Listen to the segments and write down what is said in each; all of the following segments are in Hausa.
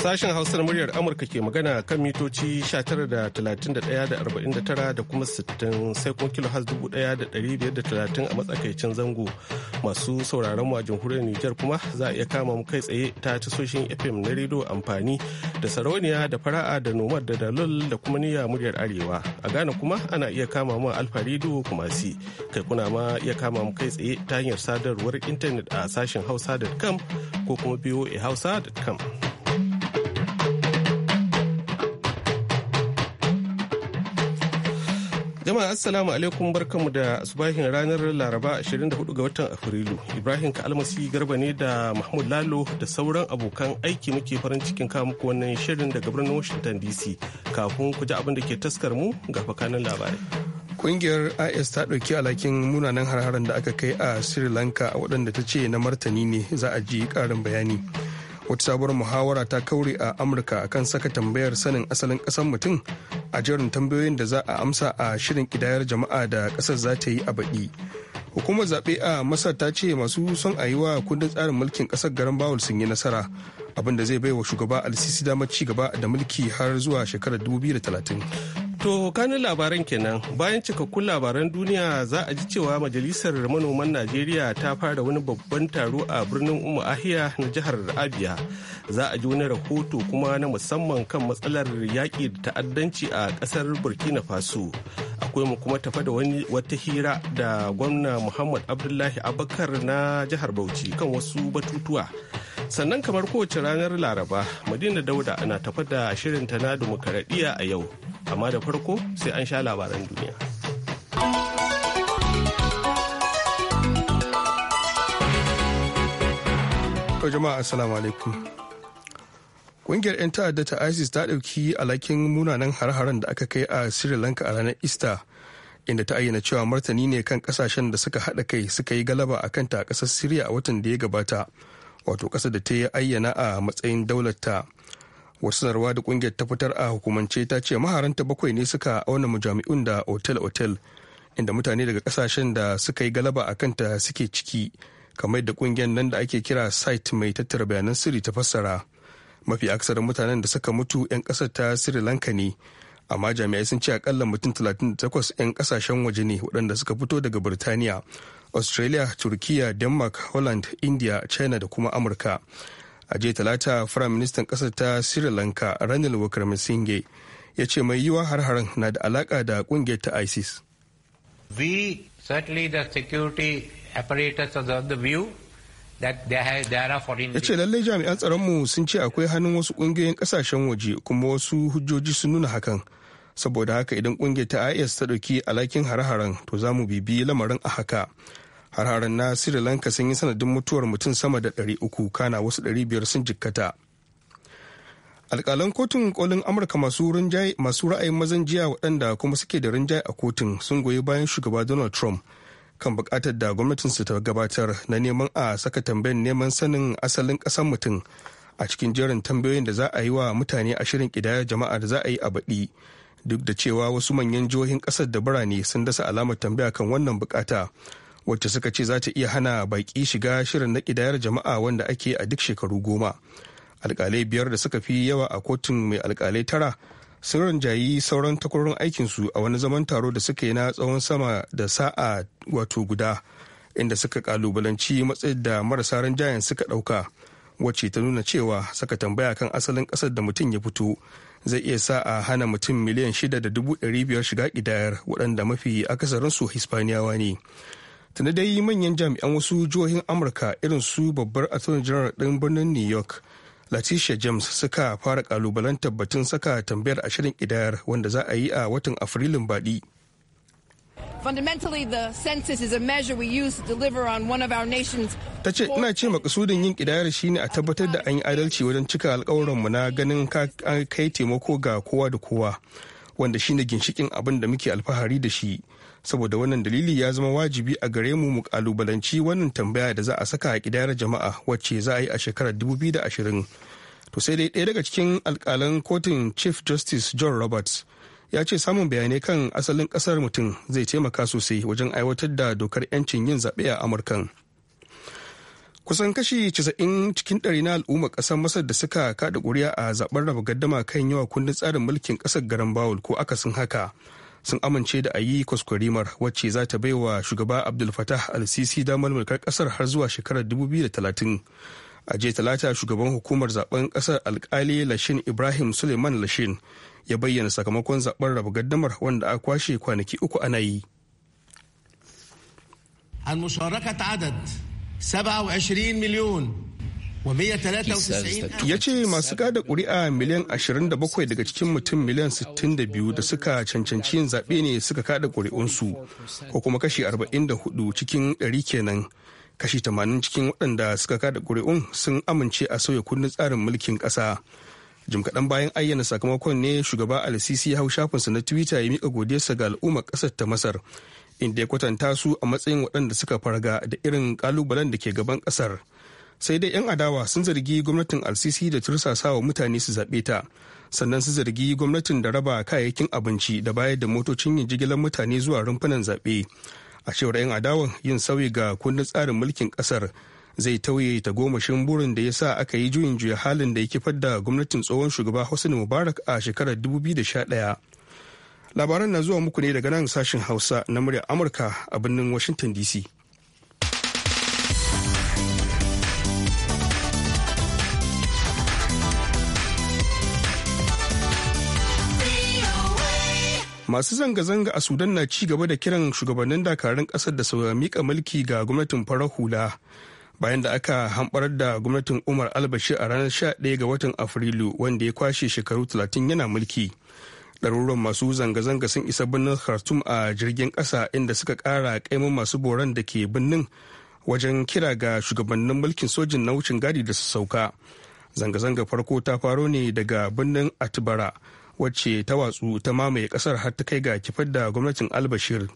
Sashen Hausar muryar Amurka ke magana kan mitoci 19.31.49 da kuma 60 sai kuma kilohaz 1,530 a matsakaicin zango masu sauraron mu a jamhuriyar Nijar kuma za a iya kama mu kai tsaye ta tasoshin FM na rediyo amfani da sarauniya da fara'a da nomad da dalol da kuma niyya muryar arewa. A Ghana kuma ana iya kama mu alfa rediyo kuma si kai kuna ma iya kama mu kai tsaye ta hanyar sadarwar intanet a sashen hausa.com ko kuma voahausa.com. hausa.com. Jama'a assalamu alaikum barkamu da subahin ranar Laraba 24 ga watan Afrilu. Ibrahim Kalmasi Garba ne da Mahmud Lalo da sauran abokan aiki muke farin cikin muku wannan shirin daga birnin Washington DC. Kafin ku ji abin da ke taskar mu ga fakanin labarai. Kungiyar IS ta ɗauki alhakin munanan harharan da aka kai a Sri Lanka waɗanda ta ce na martani ne za a ji karin bayani. Wata sabuwar muhawara ta kaure a Amurka akan saka tambayar sanin asalin ƙasar mutum a jerin tambayoyin da za a amsa a shirin kidayar jama'a da kasar za ta yi a baɗi hukumar zaɓe a masar ta ce masu son a yi wa kundin tsarin mulkin ƙasar garin bawul sun yi nasara abin da zai baiwa shugaba al-sisi damar ci gaba da mulki har zuwa shekarar 2030 To kanin labaran kenan bayan cikakkun labaran duniya za a ji cewa majalisar manoman Najeriya ta fara wani babban taro a birnin Umu Ahiya na jihar Abia. Za a ji wani rahoto kuma na musamman kan matsalar yaƙi da ta'addanci a ƙasar Burkina Faso. Akwai mu kuma tafa da wani wata hira da gwamna Muhammad Abdullahi Abakar na jihar Bauchi kan wasu batutuwa. Sannan kamar kowace ranar Laraba, Madina Dauda ana tafa da shirin ta na dimokuraɗiyya a yau. amma da farko sai an sha labaran duniya. jama'a assalamu alaikum Ƙungiyar 'yan ta'adda ta ISIS ta ɗauki alhakin munanan har-haren da aka kai a Sri Lanka a ranar Easter, inda ta ayyana cewa martani ne kan ƙasashen da suka haɗa kai suka yi galaba a kanta a ƙasar Siriya a watan da ya gabata, wato ƙasar da ta yi ayyana a matsayin ta wasu zarwa da kungiyar ta fitar a hukumance ta ce maharanta bakwai ne suka auna mujami'un da otel-otel inda mutane daga kasashen da suka yi galaba a kanta suke ciki kamar da kungiyar nan da ake kira site mai tattara bayanan sirri ta fassara mafi aksarin mutanen da suka mutu 'yan kasar ta sri lanka ne amma jami'ai sun ce akalla mutum 38 'yan kasashen waje ne waɗanda suka fito daga birtaniya australia turkiya denmark holland india china da kuma amurka a jiya talata firayim ministan kasar ta sri lanka ranil wickremesinghe ya ce mai yiwa har-haren na da alaka da kungiyar ta isis we certainly the security apparatus of the view ya ce lallai jami'an tsaronmu sun ce akwai hannun wasu kungiyoyin kasashen waje kuma wasu hujjoji sun nuna hakan saboda haka idan kungiyar ta is ta ɗauki alakin hare-haren to za mu bibiyi lamarin a haka harharen na sri lanka sun yi sanadin mutuwar mutum sama da ɗari uku kana wasu ɗari 500 sun jikkata alkalan kotun kolin amurka masu ra'ayin mazan jiya waɗanda kuma suke da rinjaye a kotun sun goyi bayan shugaba donald trump kan buƙatar da gwamnatinsu ta gabatar na neman a saka tambayar neman sanin asalin ƙasar mutum a cikin jerin tambayoyin da za a yi wa mutane a shirin ƙidayar jama'a da za a yi a baɗi duk da cewa wasu manyan jihohin ƙasar da birane sun dasa alamar tambaya kan wannan buƙata wacce suka ce za ta iya hana baƙi shiga shirin na ƙidayar jama'a wanda ake a duk shekaru goma alƙalai biyar da suka fi yawa a kotun mai alƙalai tara sun ranjayi sauran takwarorin aikinsu a wani zaman taro da suka yi na tsawon sama da sa'a wato guda inda suka kalubalanci matsayin da marasa ranjayen suka ɗauka wacce ta nuna cewa saka tambaya kan asalin ƙasar da mutum ya fito zai iya sa a hana mutum miliyan shida da dubu ɗari biyar shiga ƙidayar waɗanda mafi akasarinsu hispaniyawa ne tunda dai manyan jami'an wasu jihohin amurka irin su babbar attorney general din birnin new york latisha james suka fara kalubalantar batun saka tambayar ashirin kidayar wanda za a yi a watan afrilun baɗi Fundamentally, the census is a measure use deliver on one of nation's. Ta ce, ina ce makasudin yin kidayar shine a tabbatar da an yi adalci wajen cika mu na ganin kai taimako ga kowa da kowa. wanda shine ginshikin abin da muke alfahari da shi saboda wannan dalili ya zama wajibi a gare mu mu kalubalanci wannan tambaya da za a saka a kidayar jama'a wacce za a yi a shekarar 2020 to sai dai ɗaya daga cikin alkalan kotun chief justice john roberts ya ce samun bayanai kan asalin kasar mutum zai taimaka sosai wajen aiwatar da dokar 'yancin yin zaɓe a amurkan kusan kashi 90 cikin ɗari na al'umma ƙasar masar da suka kaɗa ƙuri'a a zaben raba gaddama kan yawa kundin tsarin mulkin ƙasar garan bawul ko akasin haka sun amince da a yi kwaskwarimar wacce za ta wa shugaba abdul fatah al-sisi damar mulkar ƙasar har zuwa shekarar 2030 a jiya talata shugaban hukumar zaben ƙasar alkali lashin ibrahim suleiman lashin ya bayyana sakamakon zaben raba gaddamar wanda a kwashe kwanaki uku ana yi. 27 miliyon ya ce masu kada kuri'a miliyan 27 daga cikin mutum miliyan 62 da suka cancanci yin zaɓe ne suka kada kuri'unsu ko kuma kashi 44 cikin 100 kenan kashi 80 cikin waɗanda suka kada kuri'un sun amince a sauya kundin tsarin mulkin ƙasa jim kaɗan bayan ayyana sakamakon ne shugaba al-sisi ya hau shafinsa na twitter ya miƙa godiyarsa ga al'ummar ƙasar ta masar inda ya kwatanta su a matsayin waɗanda suka farga da irin kalubalen da ke gaban ƙasar sai dai 'yan adawa sun zargi gwamnatin alsisi da tursasa wa mutane su zaɓe ta sannan su zargi gwamnatin da raba kayayyakin abinci da bayar da motocin yin jigilar mutane zuwa rumfunan zaɓe a cewar 'yan adawan yin sauyi ga kundin tsarin mulkin ƙasar zai tauye ta gomashin burin da ya sa aka yi juyin juya halin da ya kifar da gwamnatin tsohon shugaba hosni mubarak a shekarar 2011 labaran na zuwa muku ne daga nan sashen hausa na muryar amurka a birnin washington dc masu zanga-zanga a sudan na ci gaba da kiran shugabannin dakarun kasar da su mika mulki ga gwamnatin farar hula bayan da aka hamɓar da gwamnatin umar albashi a ranar 11 ga watan afrilu wanda ya kwashe shekaru 30 yana mulki ɗaruruwan masu zanga-zanga sun isa birnin khartoum a jirgin ƙasa inda suka ƙara ƙaimin masu boran da ke birnin wajen kira ga shugabannin mulkin sojin na wucin gadi da su sauka zanga-zanga farko ta faro ne daga birnin atibara wacce ta watsu ta mamaye ƙasar har ta kai ga kifar da gwamnatin albashir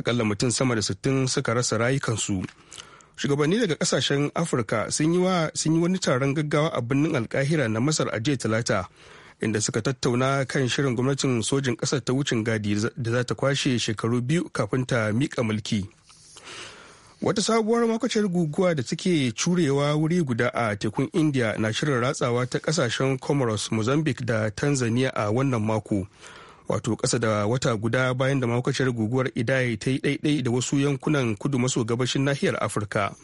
akalla mutum sama da sittin suka rasa rayukansu shugabanni daga kasashen afirka sun yi wani taron gaggawa a birnin alkahira na masar a jiya talata inda suka tattauna kan shirin gwamnatin sojin ƙasar ta wucin gadi da za ta kwashe shekaru biyu kafin ta miƙa mulki. Wata sabuwar makwacin guguwa da take curewa wuri guda a tekun India na shirin ratsawa ta kasashen Comoros, Mozambique da Tanzania a wannan mako. Wato ƙasa da wata guda bayan da makwacin guguwar Idai ta yi ɗaiɗai da wasu yankunan kudu maso gabashin nahiyar Afirka.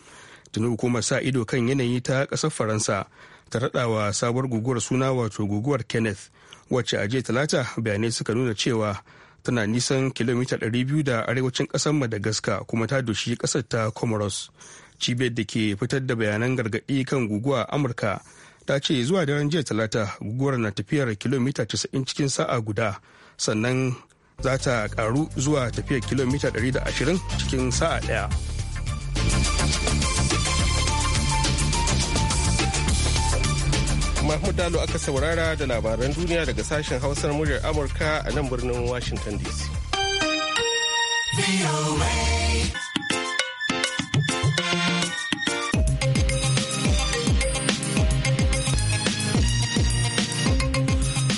Tuni hukumar sa ido kan yanayi ta ƙasar Faransa ta raɗawa sabuwar guguwar suna wato guguwar kenneth wacce a jiya talata bayanai suka nuna cewa tana nisan kilomita 200 da arewacin ƙasar madagascar kuma ta doshi ƙasar ta comoros cibiyar da ke fitar da bayanan gargaɗi kan guguwa a amurka ta ce zuwa daren jiya talata guguwar na tafiyar kilomita 90 cikin sa'a guda sannan za ta karu zuwa tafiyar kilomita 120 cikin sa'a ɗaya. Mahmud Dalo aka saurara da labaran duniya daga sashen hausar muryar Amurka a nan birnin Washington DC.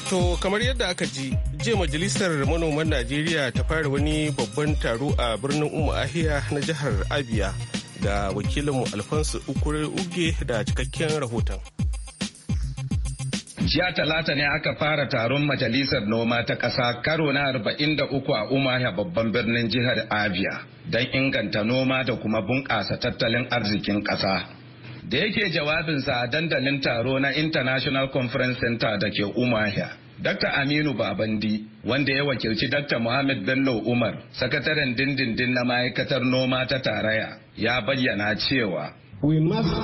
To kamar yadda aka ji, jiya majalisar manoman Najeriya ta fara wani babban taro a birnin Umu Ahiya na jihar Abia da wakilinmu Alfonso Ukure Uge da cikakken rahoton. Jiya talata ne aka fara taron majalisar noma ta ƙasa karo na arba'in da uku a Umaya babban birnin jihar Abia don inganta noma da kuma bunƙasa tattalin arzikin ƙasa. Da yake jawabinsa a dandalin taro na International Conference Center da ke Umaya. Dr. Aminu Babandi, wanda ya wakilci Dr. Muhammad Bello Umar, sakataren dindindin na ma'aikatar noma ta taraya, ya bayyana cewa. We must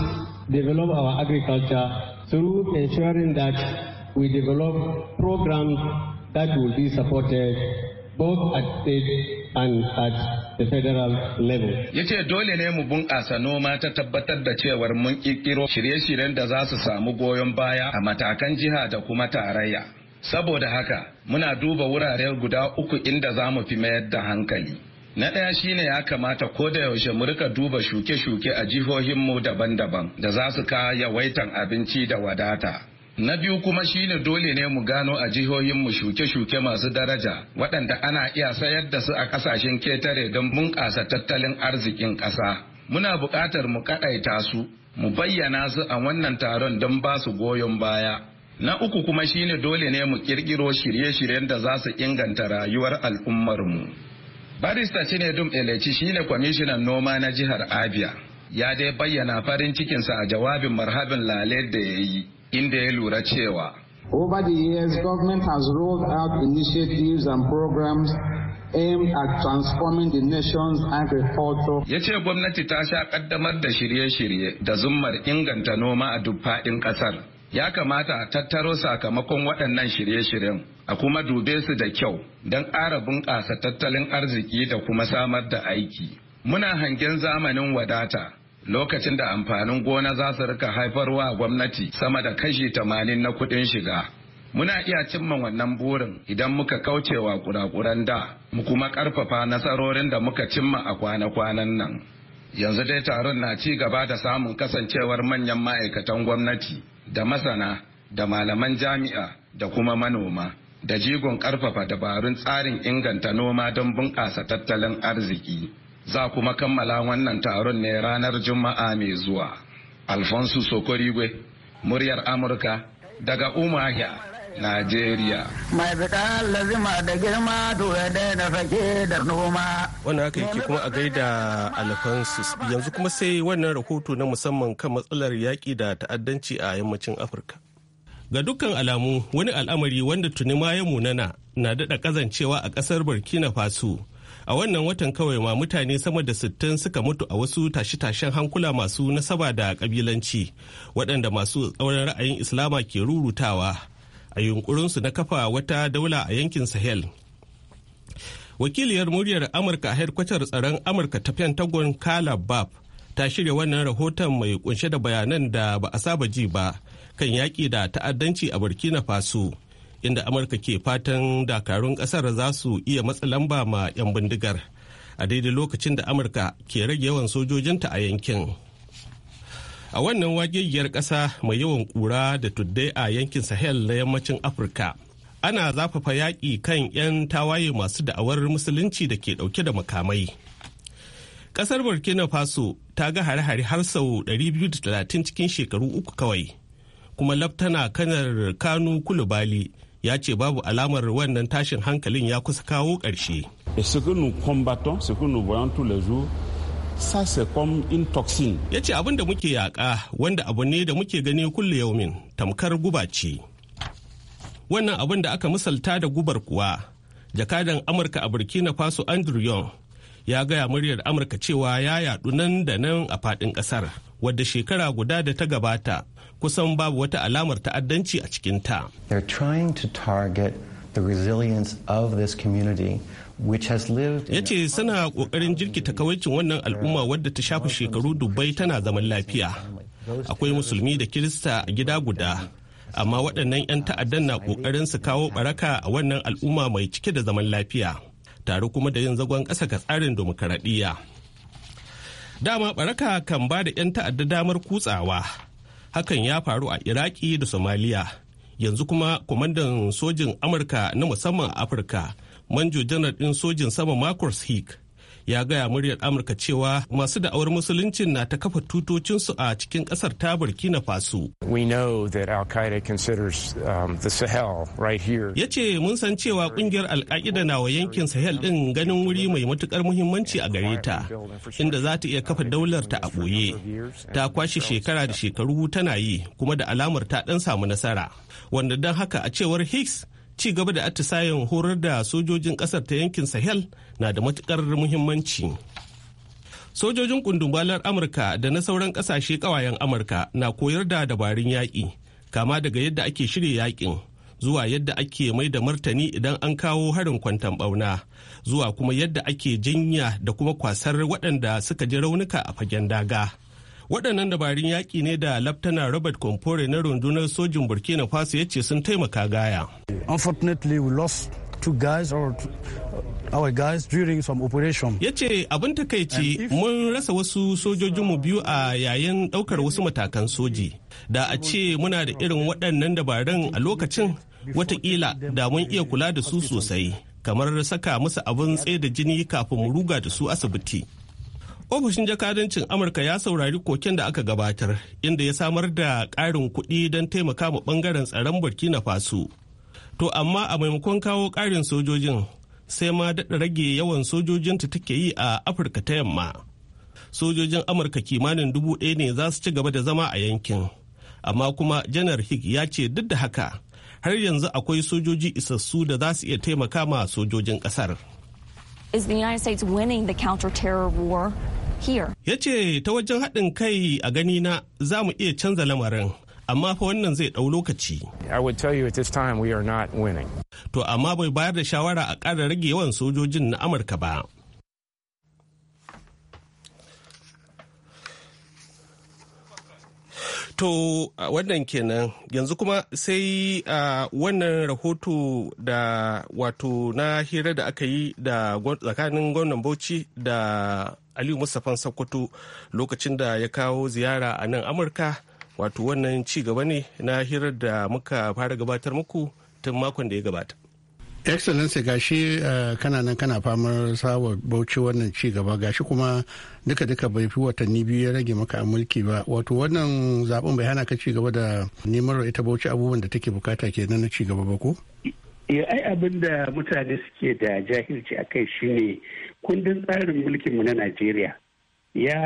develop our agriculture through ensuring that we develop programs that will be supported both at state and at the federal level. Ya ce dole ne mu bunƙasa noma ta tabbatar da cewar mun ƙirƙiro shirye-shiryen da za su samu goyon baya a matakan jiha da kuma tarayya. Saboda haka, muna duba wurare guda uku inda za mu fi mayar da hankali. Na ɗaya shi ne ya kamata ko da yaushe mu rika duba shuke-shuke a jihohinmu daban-daban da za su kawo yawaitan abinci da wadata. Na biyu kuma shi ne dole ne mu gano a jihohinmu shuke-shuke masu daraja waɗanda ana iya sayar da su a ƙasashen ketare don bunƙasa tattalin arzikin ƙasa. Muna buƙatar mu kaɗaita su, mu bayyana su a wannan taron don ba su goyon baya. Na uku kuma shi ne dole ne mu ƙirƙiro shirye-shiryen da za su inganta rayuwar al'ummarmu. barista dum eleci shine kwamishinan noma na jihar abia ya dai bayyana farin cikinsa a jawabin marhabin lale da ya yi inda ya lura cewa Over the years, government has rolled out initiatives and programs aimed at transforming the nation's agriculture. Ya ce gwamnati ta sha kaddamar da shirye-shirye da zummar inganta noma a duk faɗin ƙasar. ya kamata a tattaro sakamakon waɗannan shirye-shiryen a kuma dube su da kyau don ƙara bunƙasa tattalin arziki da kuma samar da aiki. Muna hangen zamanin wadata lokacin da amfanin gona za su rika haifarwa gwamnati sama da kashi tamanin na kuɗin shiga. Muna iya cimma wannan burin idan muka kaucewa kurakuran da mu kuma ƙarfafa nasarorin da muka cimma a kwana-kwanan nan. Yanzu dai taron na ci gaba da samun kasancewar manyan ma'aikatan gwamnati. da masana da malaman jami'a da kuma manoma da jigon ƙarfafa dabarun tsarin inganta noma don bunƙasa tattalin arziki. Za kuma kammala wannan taron ne ranar Juma'a mai zuwa. Alfonso Sokorigwe, muryar Amurka, daga Umahia. Najeriya. Mai fita lazima da girma to ya daina fake da noma. Wannan haka yake kuma a gaida Alphonsus yanzu kuma sai wannan rahoto na musamman kan matsalar yaƙi da ta'addanci a yammacin Afirka. Ga dukkan alamu wani al'amari wanda tuni ma ya munana na daɗa kazancewa a ƙasar Burkina Faso. a wannan watan kawai ma mutane sama da sittin suka mutu a wasu tashe-tashen hankula masu nasaba da kabilanci waɗanda masu tsauran ra'ayin islama ke rurutawa a yunkurinsu na kafa wata daula a yankin sahel wakiliyar muryar amurka a hedkwatar tsaron amurka ta pentagon kala bab ta shirya wannan rahoton mai kunshe da bayanan da ba a saba ji ba kan yaƙi da ta'addanci a burkina faso inda amurka ke fatan dakarun ƙasar za su iya matsa lamba ma 'yan bindigar a daidai lokacin da amurka ke rage yawan sojojinta a yankin a wannan wagegiyar ƙasa mai yawan ƙura da tuddai a yankin sahel na yammacin afirka ana zafafa yaƙi kan 'yan tawaye masu da'awar musulunci da ke ɗauke da makamai ƙasar burkina faso ta ga hare-hare har sau 230 cikin shekaru uku kawai kuma laftana kanar kanu kulubali ya ce babu alamar wannan tashin hankalin ya kusa kawo ƙarshe. sasecom intoxin ya ce abin da muke yaƙa wanda abu ne da muke gani kulle yaumin tamkar guba ce wannan abin da aka misalta da gubar kuwa jakadan amurka a burkina faso andrew young ya gaya muryar amurka cewa ya yaɗu nan da nan a faɗin ƙasar wadda shekara guda da ta gabata kusan babu wata alamar ta'addanci a cikinta. They're trying to target Ya ce suna ƙoƙarin jirkita kawaicin wannan al'umma wadda ta shafi shekaru dubbai tana zaman lafiya. Akwai musulmi da kirista a gida guda, amma waɗannan 'yan ta'addan na ƙoƙarin su kawo ɓaraka a wannan al'umma mai cike da zaman lafiya, tare kuma da yin zagon ƙasa ga tsarin dimokuraɗiyya. Dama ɓaraka kan ba da 'yan ta'adda damar kutsawa, hakan ya faru a Iraki da Somaliya. yanzu kuma kwamandan sojin amurka na musamman afirka manjo janar ɗin sojin sama marcus hick ya gaya muryar amurka cewa masu da'awar musuluncin na ta kafa tutocinsu a cikin kasar ta burkina faso um, ya ce mun san cewa kungiyar alka'ida na wa yankin sahel din ganin wuri mai matukar muhimmanci a gare ta inda za ta iya kafa daular ta a boye ta kwashe shekara da shekaru tana yi kuma da alamar ta dan samu nasara wanda don haka a cewar hicks ci gaba da atisayen horar da sojojin kasar ta yankin sahel na da matukar muhimmanci sojojin kundumbalar amurka da na sauran kasashe kawayen amurka na koyar da dabarun yaƙi kama daga yadda ake shirya yaƙin zuwa yadda ake mai da martani idan an kawo harin kwantan bauna zuwa kuma yadda ake jinya da kuma kwasar waɗanda suka ji raunuka a fagen daga waɗannan dabarun yaƙi ne da laftana robert compore na rundunar sojin burkina faso ya ce sun taimaka gaya unfortunately we lost two guys or operation. Ya ce abin takaici mun rasa wasu sojojinmu biyu a yayin ɗaukar wasu matakan soji. Da a ce muna da irin waɗannan dabarun a lokacin watakila da mun iya kula da su sosai. Kamar saka musu abin tsaye da jini kafin mu ruga da su asibiti. Ofishin jakadancin Amurka ya saurari koken da aka gabatar inda ya samar da ƙarin kuɗi don taimaka ma ɓangaren tsaron Burkina Faso. To amma a maimakon kawo ƙarin sojojin sai ma daɗa rage yawan sojojinta take yi a Afirka ta yamma. Sojojin Amurka kimanin dubu ɗaya ne za su ci gaba da zama a yankin. Amma kuma Janar Hig ya ce duk da haka har yanzu akwai sojoji isassu da za su iya taimaka ma sojojin ƙasar. Is the United States winning the counter-terror war? here. Ya ce ta wajen haɗin kai a ganina za mu iya canza lamarin. Amma fa wannan zai ɗau lokaci. I would tell you at this time we are not winning. To amma bai bayar da shawara a ƙara rage yawan sojojin na Amurka ba. To wannan kenan yanzu kuma sai a wannan rahoto da wato na hira da aka yi da tsakanin gwamnan Bauchi da Aliyu Mustapha Sokoto lokacin da ya kawo ziyara a nan Amurka wato wannan ci gaba ne na hira da muka fara gabatar muku tun makon da ya gabata. excellency gashi uh, kana nan kana famar sawa bauchi wannan ci gaba gashi kuma duka duka bai fi watanni biyu ya rage maka a mulki ba wato wannan zaben bai hana ka ci gaba da neman ita bauchi abubuwan da take bukata ke na ci gaba ba ko ya eh, ai abin da mutane suke da jahilci a kai shine kundin tsarin mulkin mu na Najeriya ya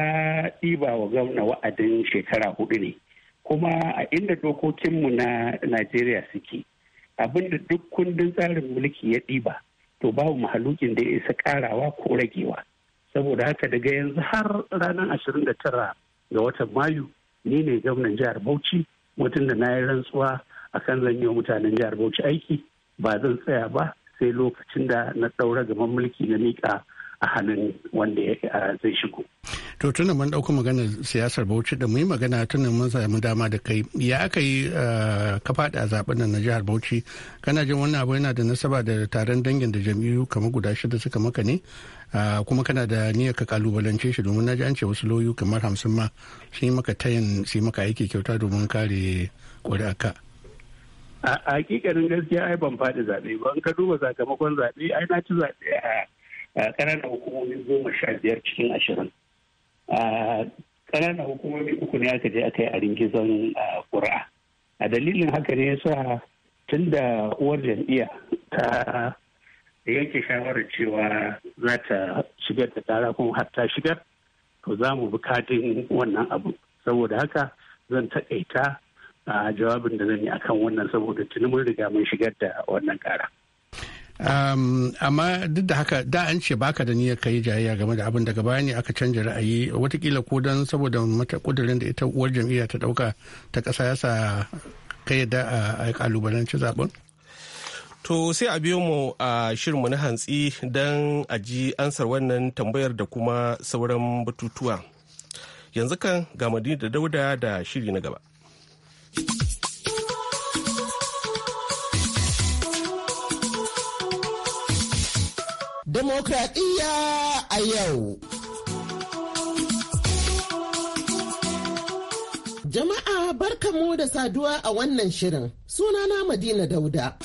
ɗiba wa gwamna wa'adin shekara hudu ne kuma a inda dokokin mu na Najeriya suke abinda duk kundin tsarin mulki ya ɗiba to babu mahalukin da ya isa karawa ko ragewa saboda haka daga yanzu har ranar ashirin da tara ga watan mayu ni ne gwamnan jihar bauchi mutum da na yi rantsuwa a kan zan yi mutanen jihar bauchi aiki ba zan tsaya ba sai lokacin da na ɗaura gaban mulki na miƙa a hannun wanda zai shigo. to tuna mun ɗauko magana siyasar bauchi da muyi magana tuna mun samu dama da kai ya aka yi eh, ka faɗi a zaben nan na jihar bauchi kana jin wannan abu yana da nasaba da taron dangin da jam'iyyu kamar guda shida suka maka ne eh, kuma kana da niyyar ka kalubalance shi domin naji an ce wasu lauyu kamar hamsin ma sun yi maka tayin su yi maka aiki kyauta domin kare ƙuri'arka. a hakikanin gaskiya ai ban faɗi zaɓe ba in ka duba sakamakon zaɓe ai na ci zaɓe a ƙananan hukumomi goma sha biyar cikin ashirin ƙananan hukumomi uku ne aka je aka yi a ringizan ƙuri'a a dalilin haka ne sa tun da uwar jam'iyya ta yanke shawarar cewa za ta shigar da tara kuma har ta shigar to za mu bi katin wannan abu saboda haka zan taƙaita a jawabin da zan yi akan wannan saboda tuni mun riga mun shigar da wannan ƙara. Um, amma duk da haka da an ce baka da niyyar yi jayayya game da abin daga baya ne aka canja ra'ayi watakila ko don saboda mata kudurin da ita uwar jam'iyya ta dauka ta kasa sa kai da a kalubalanci zaben To sai a biyo mu a shirin mu na hantsi don a ji ansar wannan tambayar da kuma sauran batutuwa. Yanzu kan ga da dauda da shiri na gaba. Demokradiyya a yau. Jama'a barkamu da saduwa a wannan shirin. Sunana Madina Dauda.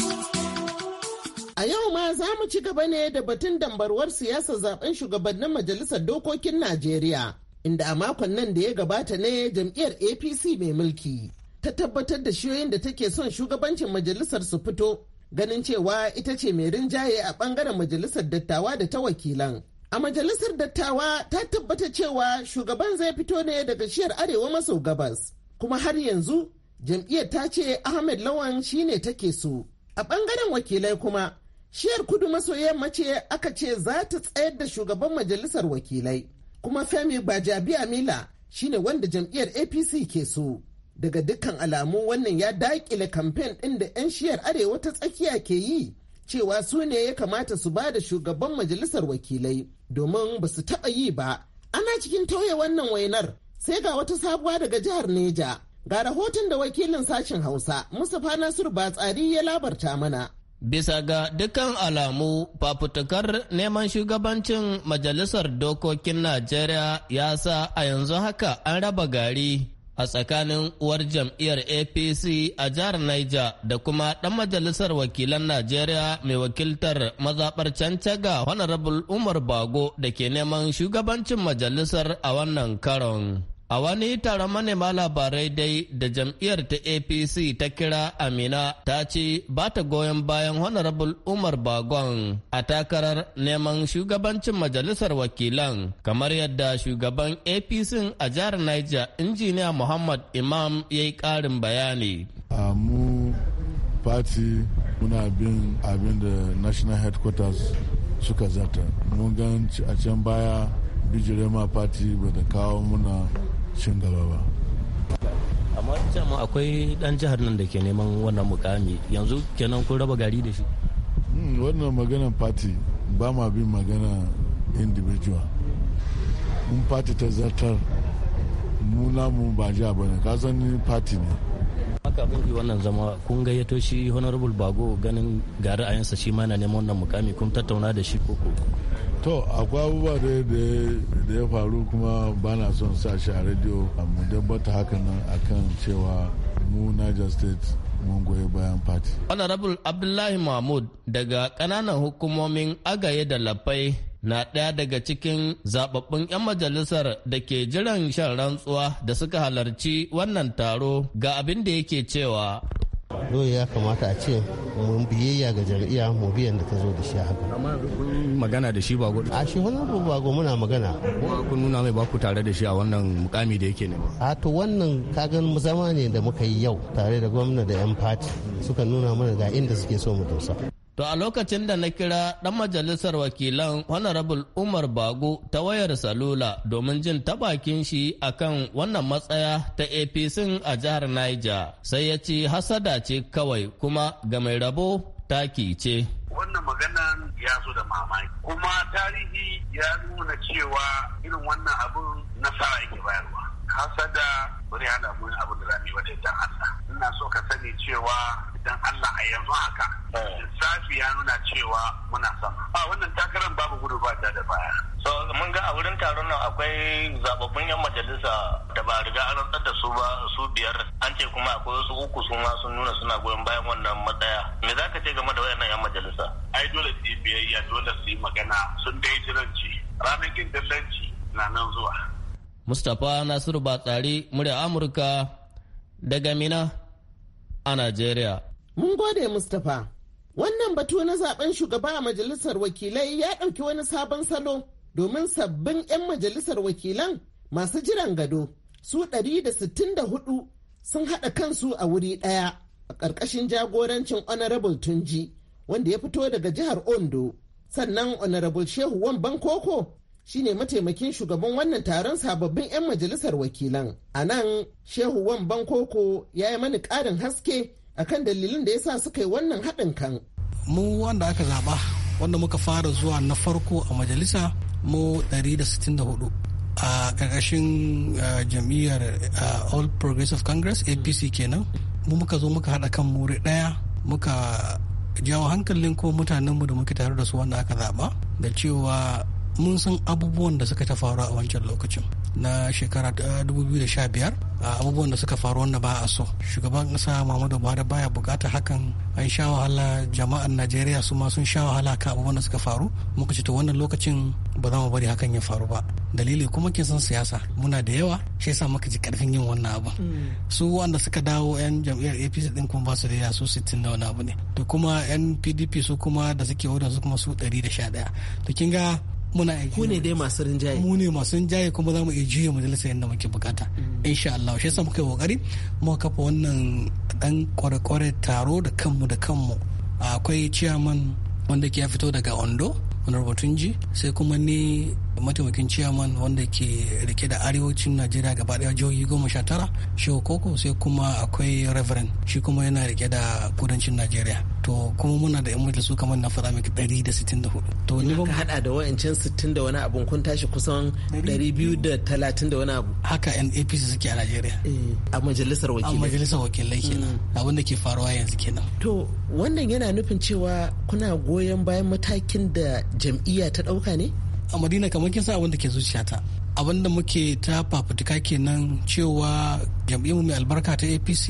A yau ma za mu ci gaba ne da batun dambarwar siyasa zaben shugabannin Majalisar Dokokin Najeriya, inda a makon nan da ya gabata ne jam'iyyar APC mai mulki ta tabbatar da shiyoyin da take son shugabancin majalisar su fito ganin cewa ita ce mai rinjaye a bangaren majalisar dattawa da ta wakilan. A majalisar dattawa ta tabbata cewa shugaban zai fito ne daga shiyar arewa maso gabas, kuma har yanzu jam'iyyar ta ce Ahmed Lawan shine take so. A bangaren wakilai kuma, shiyar kudu maso yamma ce aka ce za ta tsayar da shugaban majalisar wakilai, kuma Femi shi shine wanda jam'iyyar APC ke so. daga dukkan alamu wannan ya dakile kamfen ɗin da 'yan shiyar arewa ta tsakiya ke yi cewa su ne ya kamata su ba da shugaban majalisar wakilai domin ba su taɓa yi ba ana cikin tauye wannan wainar sai ga wata sabuwa daga jihar neja ga rahoton da wakilin sashen hausa mustapha nasir batsari ya labarta mana Bisa ga dukkan alamu fafutukar neman shugabancin Majalisar Dokokin Najeriya ya sa a yanzu haka an raba gari a tsakanin uwar jam'iyyar apc a jihar niger da kuma ɗan majalisar wakilan najeriya mai wakiltar mazaɓar cancaga honorable umar bago da ke neman shugabancin majalisar a wannan karon A wani taron manema labarai dai da jam'iyyar ta APC ta kira Amina ta ce ba ta goyon bayan Honorable Umar Bagon a takarar neman shugabancin majalisar wakilan kamar yadda shugaban APC a jihar Niger injiniya Muhammad Imam ya yi ƙarin bayani. mu fati muna bin abin da National Headquarters suka zata. Mun gan a can baya bijirema pati ba da kawo muna cin gaba ba amma jama akwai dan jihar nan da ke neman wannan mukami yanzu kenan kun raba gari da shi hmm, wannan maganan party ba ma bin magana individual mun party ta zartar mu ba jiha bane ka san ni party ne haka abin yi wannan zama kun gayyato shi honorable bago ganin ga ra'ayinsa shi ma na neman wannan mukami kun tattauna da shi koko to akwai abubuwa da ya faru kuma ba na son sa shi a radio mu dabbata hakan nan akan cewa mu niger state mun goyi bayan party honorable abdullahi mahmud daga ƙananan hukumomin agaye da lafai na ɗaya daga cikin zababbun 'yan majalisar da ke jiran shan rantsuwa da suka halarci wannan taro ga abin da yake cewa dole ya kamata a ce mun biyayya ga jam'iyya mu biyan da ta zo da shi haka amma kun magana da shi bago a shi wannan bago muna magana kun nuna mai baku tare da shi a wannan mukami da yake ne a to wannan kagan zama ne da muka yi yau tare da gwamna da yan fati suka nuna mana ga inda suke so mu dosa To a lokacin da na kira ɗan majalisar wakilan Honorable Umar Bago ta wayar salula domin jin tabakin shi akan wannan matsaya ta APC a jihar Niger sai ya ce hasada ce kawai kuma ga mai rabo taki ce. Wannan maganan ya zo da mamaki kuma tarihi ya nuna cewa irin wannan abun nasara yake bayarwa. hasada bari hana mu abu da zamu yi wa dan Allah ina so ka sani cewa dan Allah a yanzu haka lissafi ya nuna cewa muna sama a wannan takarar babu gudu ba da da baya so mun ga a wurin taron nan akwai zababbun yan majalisa da ba riga an rantsar da su ba su biyar an ce kuma akwai wasu uku su ma sun nuna suna goyon bayan wannan matsaya me zaka ce game da wayannan yan majalisa ai dole su yi biyayya dole su yi magana sun dai jiranci ranar kin dallanci na nan zuwa Mustapha Nasiru Batsari murya Amurka daga Mina a Najeriya. Mun gode Mustapha. Wannan batu na zaben shugaba a majalisar wakilai ya ɗauki wani sabon salo domin sabbin 'yan majalisar wakilan masu jiran gado su 164 sun haɗa kansu a wuri ɗaya a ƙarƙashin jagorancin honorable tunji wanda ya fito daga jihar ondo sannan honorable shehu wan bankoko shine mataimakin shugaban wannan taron sababbin 'yan majalisar wakilan a nan shehu wan bankoko ya yi mani karin haske akan dalilin da ya sa suka yi wannan haɗin kan mu wanda aka zaɓa wanda muka fara zuwa na farko a majalisa mu 164 a ƙarƙashin jam'iyyar all progressive congress apc kenan mu muka zo muka haɗa kan muri ɗaya muka jawo hankalin ko mutanenmu da muke tare da su wanda aka zaɓa da cewa mun san abubuwan da suka ta faru a wancan lokacin na shekara 2015 abubuwan da suka faru wanda ba a so shugaban kasa muhammadu buhari baya bukata hakan an sha wahala jama'an najeriya su ma sun sha wahala kan abubuwan da suka faru muka ce to wannan lokacin ba za mu bari hakan ya faru ba dalili kuma kin san siyasa muna da yawa shi yasa muka ji karfin yin wannan abu mm. su wanda suka dawo yan jam'iyyar apc din kuma ba su da yawa su 60 da wani abu ne to kuma yan pdp su kuma da suke wurin su kuma su 111 to kin ga muna aiki ku ne dai masu rinjaye mu ne masu rinjaye kuma za mu iya juya majalisa yadda muke bukata mm. insha Allah shi yasa muka yi kokari muka kafa wannan dan kware-kware taro da kanmu da kanmu akwai ciyaman wanda ke fito daga Ondo honorable Tunji sai kuma ni mataimakin ciyaman wanda ke rike da arewacin najeriya gaba daya jihohi goma sha tara shehu koko sai kuma akwai reverend shi kuma yana rike da kudancin najeriya to kuma muna da yan majalisu kamar na faɗa miki ɗari da sittin da hudu. to ni ba haɗa da wa'ancan sittin da wani abun kun tashi kusan ɗari biyu da talatin da wani abu. haka yan apc suke a najeriya. Eh, a majalisar wakilai. a majalisar wakilai kenan mm. abun da ke faruwa yanzu kenan. to wannan yana nufin cewa kuna goyon bayan matakin da jam'iyya ta ɗauka ne? a madina kamar kin san abin da ke zuciyata abin da muke ta fafutuka kenan cewa jam'iyyar mai albarka ta apc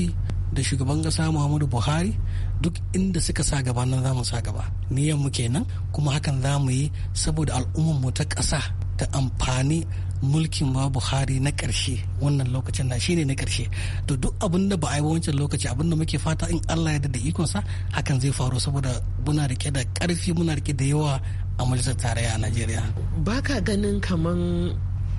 da shugaban kasa muhammadu buhari duk inda suka sa gaba nan za mu sa gaba niyan mu kenan kuma hakan za mu yi saboda al'ummar mu ta kasa ta amfani mulkin ma buhari na karshe wannan lokacin na shine na ƙarshe to duk abin da ba a yi wancan lokaci abin da muke fata in allah ya da ikonsa hakan zai faru saboda muna rike da karfi muna rike da yawa a majalisar tarayya a najeriya Ba ka ganin kaman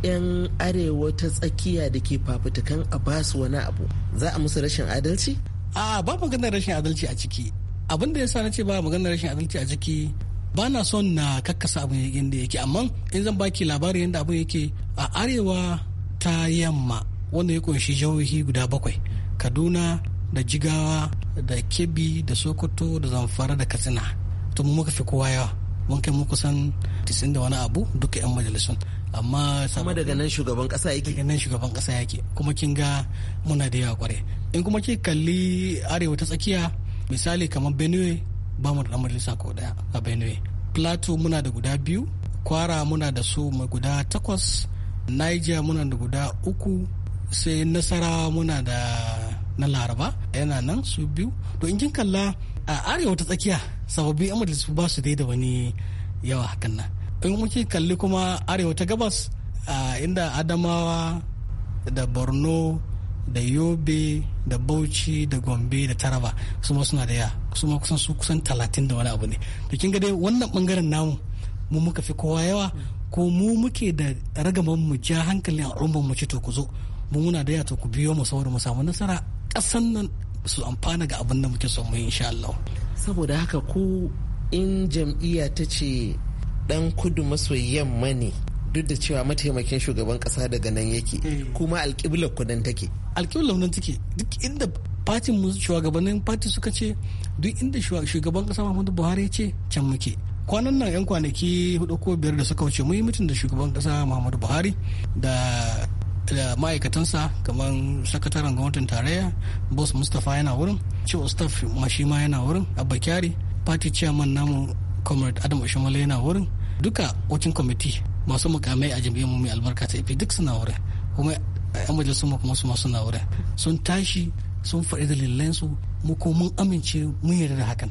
'yan arewa ta tsakiya da ke fafutukan a basu wani abu za a musu rashin adalci a ba maganar rashin adalci a ciki abin da ya sa na ce ba maganar rashin adalci a ciki ba na son na kakkasa abin yadda yake amma in zan baki labarin yadda abin yake a arewa ta yamma wanda ya kunshi jihohi guda bakwai kaduna da jigawa da kebbi da sokoto da zamfara da katsina to mu muka fi kowa yawa mun kai mu kusan 90 da wani abu duka 'yan majalisun amma kuma daga nan shugaban kasa yake daga nan shugaban kasa yake kuma kin ga muna da yawa kware in kuma ki kalli arewa ta tsakiya misali kamar benue ba mu da majalisa ko daya a benue plateau muna da guda biyu kwara muna da su guda takwas niger muna da guda uku sai nasarawa muna da na laraba yana nan su biyu to in kin kalla a arewa ta tsakiya sababbi yan majalisu ba su dai da wani yawa hakan nan in muke kalli kuma arewa ta gabas inda adamawa da borno da yobe da bauchi da gombe da taraba su ma suna da ya su ma kusan su kusan talatin da wani abu ne da kin dai wannan bangaren namu mu muka fi kowa yawa ko mu muke da ragaman mu ja hankalin al'ummar mu ce to ku zo mu muna da ya to ku biyo mu saboda mu samu nasara kasan nan su amfana ga abin da muke son mu insha Allah saboda haka ku in jam'iyya ta ce dan kudu maso yamma ne duk da cewa mataimakin shugaban kasa daga nan yake eh. kuma alƙiblar kudan take alƙiblar nan take duk inda fatin mu shugabannin fati suka ce duk inda shugaban kasa Muhammadu Buhari ya ce can muke kwanan nan yan kwanaki hudu ko biyar da suka wuce mun yi mutum da shugaban kasa Muhammadu Buhari da da ma'aikatansa kamar sakataren gwamnatin tarayya boss mustapha yana wurin chief staff mashima yana wurin abba kyari party chairman namu comrade adam oshimale yana wurin duka watching committee masu mukamai a jam'iyyar mu mai albarka ta ipi duk suna wurin kuma yan majalisun mu kuma su masu na wurin sun tashi sun faɗi dalilansu mu ko mun amince mun yarda da hakan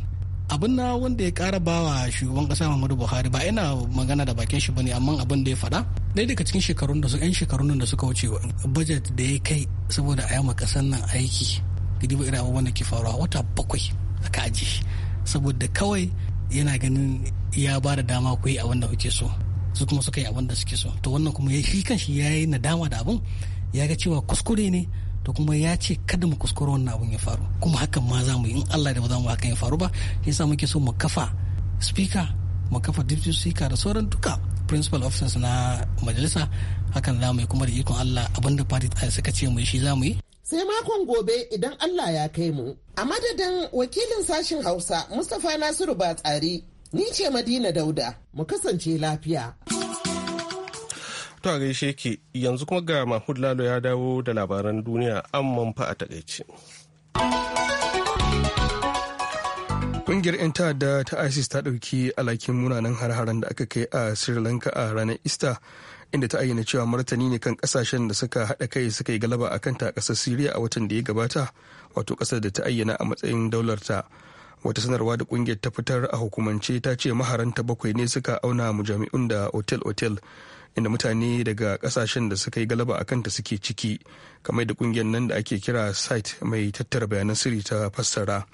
abin na wanda ya kara bawa shugaban kasa muhammadu buhari ba ina magana da bakin shi bane amma abin da ya faɗa ɗaya daga cikin shekarun da su yan shekarun da suka wuce budget da ya kai saboda a yamma kasan nan aiki gidi ba irin abubuwan da ke faruwa wata bakwai aka aji saboda kawai yana ganin ya ba da dama ku yi abin da kuke so su kuma suka yi abin da suke so to wannan kuma shi kan shi ya yi nadama da abin ya ga cewa kuskure ne to kuma ya ce kada mu kuskura wannan abun ya faru kuma hakan ma za mu yi in Allah da ba za mu hakan ya faru ba yasa muke so mu kafa speaker mu kafa deputy speaker da sauran duka principal officers na majalisa hakan za mu yi kuma da ikon Allah abinda party suka ce mu shi za mu yi sai makon gobe idan Allah ya kai mu a madadin wakilin sashin Hausa Mustapha Nasiru Batsari ni ce Madina Dauda mu kasance lafiya. To a gaishe ke yanzu kuma ga mahud Lalo ya dawo da labaran duniya an fa a takaice. Kungiyar 'yan ta'adda ta ISIS ta ɗauki alhakin munanan har-haren da aka kai a Sri Lanka a ranar Easter inda ta ayyana cewa martani ne kan kasashen da suka haɗa kai suka yi galaba a kanta a ƙasar Siriya a watan da ya gabata wato ƙasar da ta ayyana a matsayin daularta. Wata sanarwa da kungiyar ta fitar a hukumance ta ce maharanta bakwai ne suka auna mu da otel-otel inda mutane daga kasashen da suka yi galaba a kanta suke ciki kamar da kungiyar nan da ake kira site mai tattara bayanan sirri ta fassara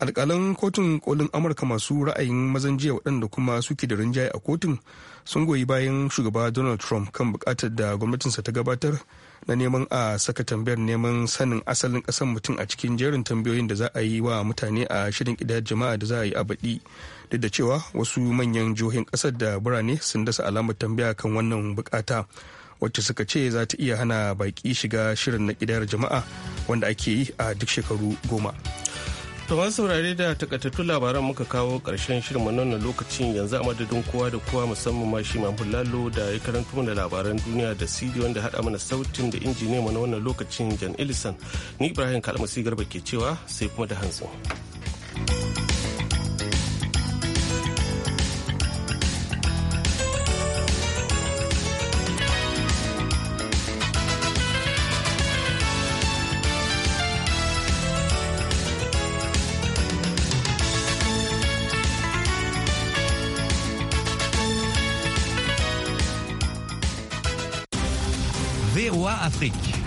alkalan kotun kolin amurka masu ra'ayin mazan jiya waɗanda kuma suke da rinjaye a kotun sun goyi bayan shugaba donald trump kan buƙatar da gwamnatinsa ta gabatar na neman a saka tambayar neman sanin asalin kasan mutum a cikin jerin tambayoyin da za a yi wa mutane a shirin kidayar jama'a da za a yi a baɗi duk da cewa wasu manyan jihohin ƙasar da birane sun dasa alamar tambaya kan wannan bukata wacce suka ce za ta iya hana baƙi shiga shirin na kidayar jama'a wanda ake yi a duk shekaru goma. Tuman saurare da takatattun labaran muka kawo ƙarshen shirin nan lokacin yanzu a madadin kowa da kowa musamman ma shi Mahmud Lalo da ya karanto mana labaran duniya da CD wanda haɗa mana sautin da injiniya mana wannan lokacin Jan Ellison. Ni Ibrahim Kalmasi Garba ke cewa sai kuma da hantsi. Afrique.